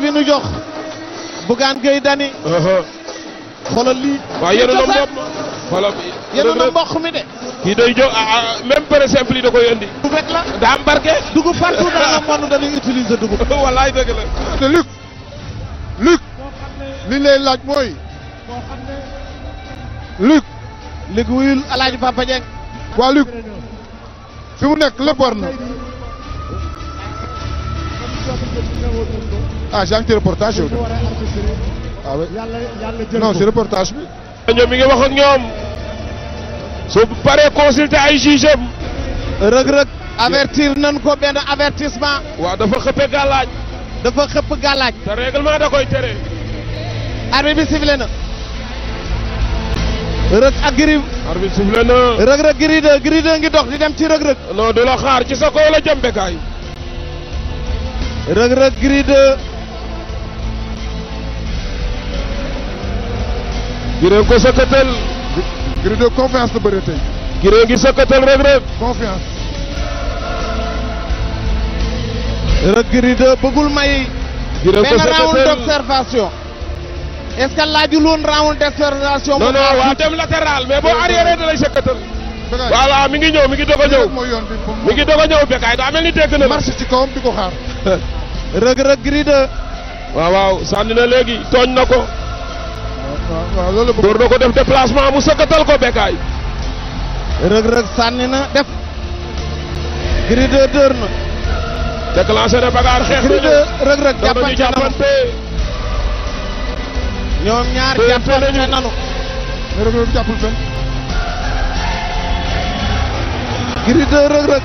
bi nu jox Bougane Gueye Dany uh-huh. xoolal lii waaw yenu na mboq xoolal yenu na mboq mi de kii day jo ah, ah, même par exemple yi da koy indi dugub rek la daa am dugub partout dans le monde dañuy utiliser dugub te Luc Luc li lay laaj mooy Luc Luc wuyul alaaji Papa Dieng waa Luc fi mu nekk lépp war na ah yaa ah, ngi ci reportage yow. ah bi. ñoom wax ak ñoom. su paree ay juge am. rëg-rëg avertir nan ko benn avertissement. waaw dafa xëppe gàllaaj. dafa xëpp gàllaaj. te règlement da koy tere. arbitre bi sifflé rëg rëg-rëg ngi dox di dem ci rëg-rëg. non du xaar ci sa kaw la jëm bekaay. Reug Reug Gris 2 Gris ko sëkkatal Gris 2 confiance la bëre tey Gris gi sëkkatal Reug confiance bëggul may Gris round d'observation est-ce que laajul woon round d'observation non non waa dem latéral mais boo arrière da lay sëkkatal voilà mi ngi ñëw mi ngi doog a ñëw mi ngi a ñëw bekaay daa mel ni dégg na marche ci kawam di ko xaar rëg-rëg Gris 2 waaw sànni na léegi tooñ na ko waaw loolu ko def déplacement mu sëkkatal ko bekkaay rëg-rëg sànni na def Gris 2 dër na déclenché na bagaar xeex Gris 2 rëg-rëg jàppante ñoom ñaar jàppante nanu rëg-rëg jàppul benn Gris rëg-rëg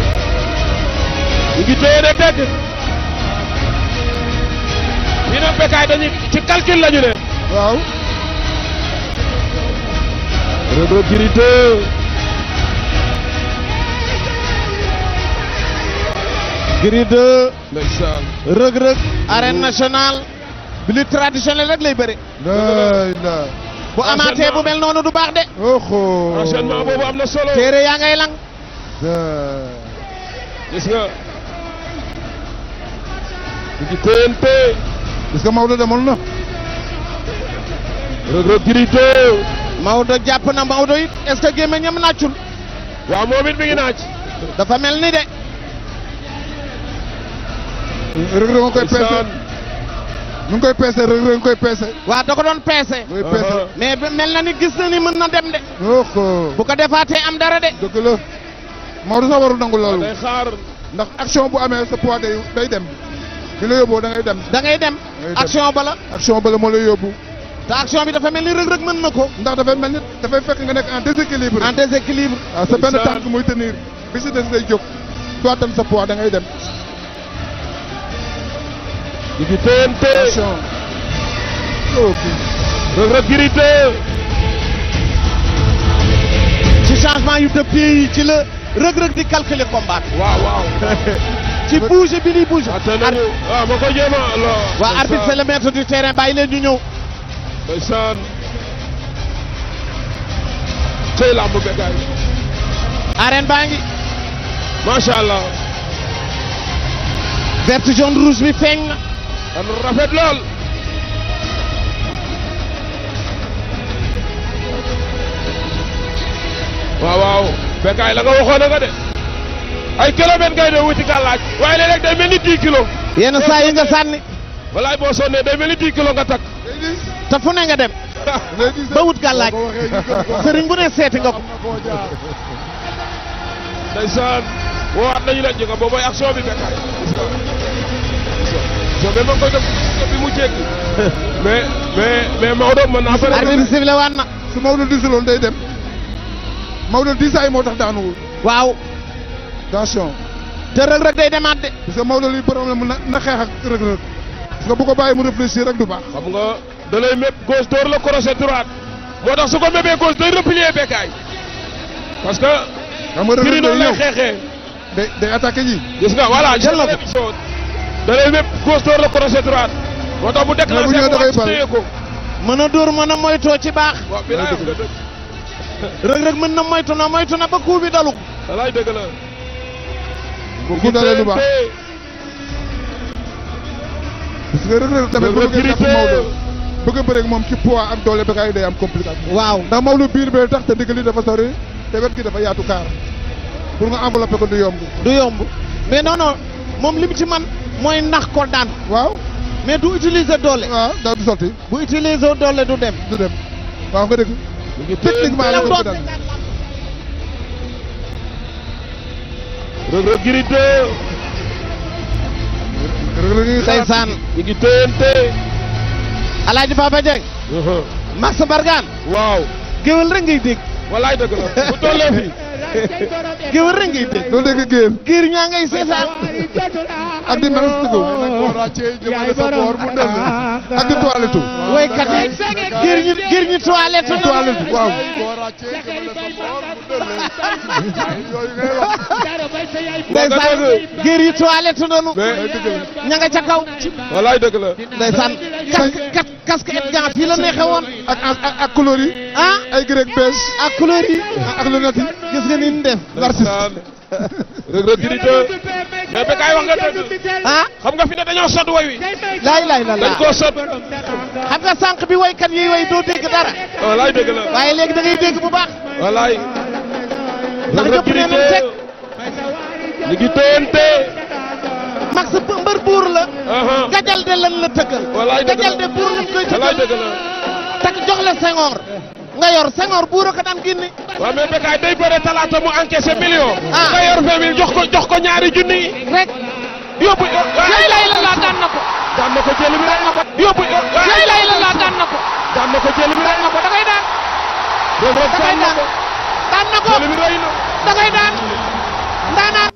ñu téye de dégg ñu ne Bécaye dañu ci calcul la ñu ne. waaw. Reug Reug Gris 2. Gris 2. ndeysaan. Reug Reug. rek lay bari la bu amaatee bu mel noonu du baax de. oho téere yaa ngay lang. ñu que TNT. gis Maodo demoon na. Reug Reug Maodo jàpp na Maodo it est ce que gémmiñam naccul. waaw moom dafa mel ni de. Reug nga koy peese mu ngi koy peese Reug Reug nga koy peese. waaw da doon peese. muy uh-huh. mel na ni gis na ni mën na dem de. bu ko defaatee am dara de. dëgg la Maodo sax warul nangu loolu. day xaar ndax action bu amee sa poids day dem. fi la yóbboo da dem. da ngay dem action bala. action bala moo lay yóbbu. te action bi dafa mel ni rëg-rëg mën na ko. ndax dafay mel ni dafay fekk nga nekk en déséquilibre. en déséquilibre. waaw ah, sa benn tànk muy tenir bi si des lay jóg. dootan sa poids da ngay dem. di gi ci changement yu dëpp yi ci la rëg-rëg di calculer combat. ci bouge Billy bouge. waaw ah, ah, ma koy jéem a alors. waa arbitre c'est le terrain bàyyi leen ñu ñëw. ndeysaan. tey làmb Bécaye. arène baa ngi. macha allah. vert jaune rouge bi feeñ na. dañu rafet lool. ay kilomètres ngay doon wuti gàllaaj waaye léeg-léeg day mel ni 10 kilos. yenn saa yi nga sànni. walaay boo sonnee day mel ni 10 kilos nga takk. te fu ne nga dem. ba wut gàllaaj sëriñ bu ne seeti nga ko. ndeysaan woowaat nañu leen ñu nga boobu mooy action bi mu jéggi. mais mais mais Maodo mën naa. affaire bi arbitre bi la waan na. su Maodo diisuloon day dem Maodo diisaay moo tax daanuwul. waaw. attention. te Reug Reug day demaat de. parce que Maodo li problème na na xeex ak Reug Reug. parce que bu ko bàyyi mu réfléchir rek du baax. xam nga da lay méb door la crochet droite. moo tax su ko mébee gauche parce que. xam nga Reug Reug day na ko da lay méb gauche door la crochet droite. bu déclenché ko wax mën a dóor mën a moytoo ci baax. waaw bi mën na moytu na moytu na ba coup bi ku dalee lu baax. parce que Reug Reug tamit bu bëggee jàpp Maodo moom ci poids ak doole ba kaay day am complication. waaw ndax Maodo biir bee tax te digg li dafa sori te wet gi dafa yaatu kaar pour nga enveloppé ko du yomb. du yomb mais non non moom li mu ci man mooy nax ko daan. waaw mais du utiliser doole. waaw daal du sotti. bu utiliser doole du dem. du dem waaw nga dégg. techniquement la ko daan Reug Reug Gris 2. Reug Reug ngi ndeysaan ñu ngi téyante. Alaaji Papa Dieng. Uh-huh. Max Mbargane. waaw. géwél rek ngay dégg. walaay dëgg la bu tollee doo dégg géer. géer ñaa ngay seetaan. ak di mel si dugub. ak di toilette. woykat yi géer ñu géer ñu ndeysaan géer yi toilette noonu euh, ña nga ca kaw walaay dëgg la ndeysaan kas casque et gants fii la neexee woon ak ak yi ah ay grec beige ak couleur yi ak lunette yi gis nga ni ñu def rëg rëg di te mais wax nga dëgg ah xam nga fi ne dañoo sot woy wi laay laay la dañ koo sot xam nga sànq bi woykat yi woy doo dégg dara walaay dëgg la waaye léegi da ngay dégg bu baax ndax ñëpp nee nañ teg ñu ngi tëyante max mbër buur la dajal de lan la tëggal dajal de buur la koy tëggal tak jox la Senghor nga yor Senghor buur a ko daan génne waaw mais Bécaye day bëre talaata mu encaissé million ah. nga yor vingt mille jox ko jox ko ñaari junni yi rek yóbbu eh, eh, lay lay la laa daan na ko daan na ko jël bi rek yóbbu eh, lay lay la laa daan na ko daan na ko jël bi rek da ngay daan da ngay daan na ko da koy daan ndaanaan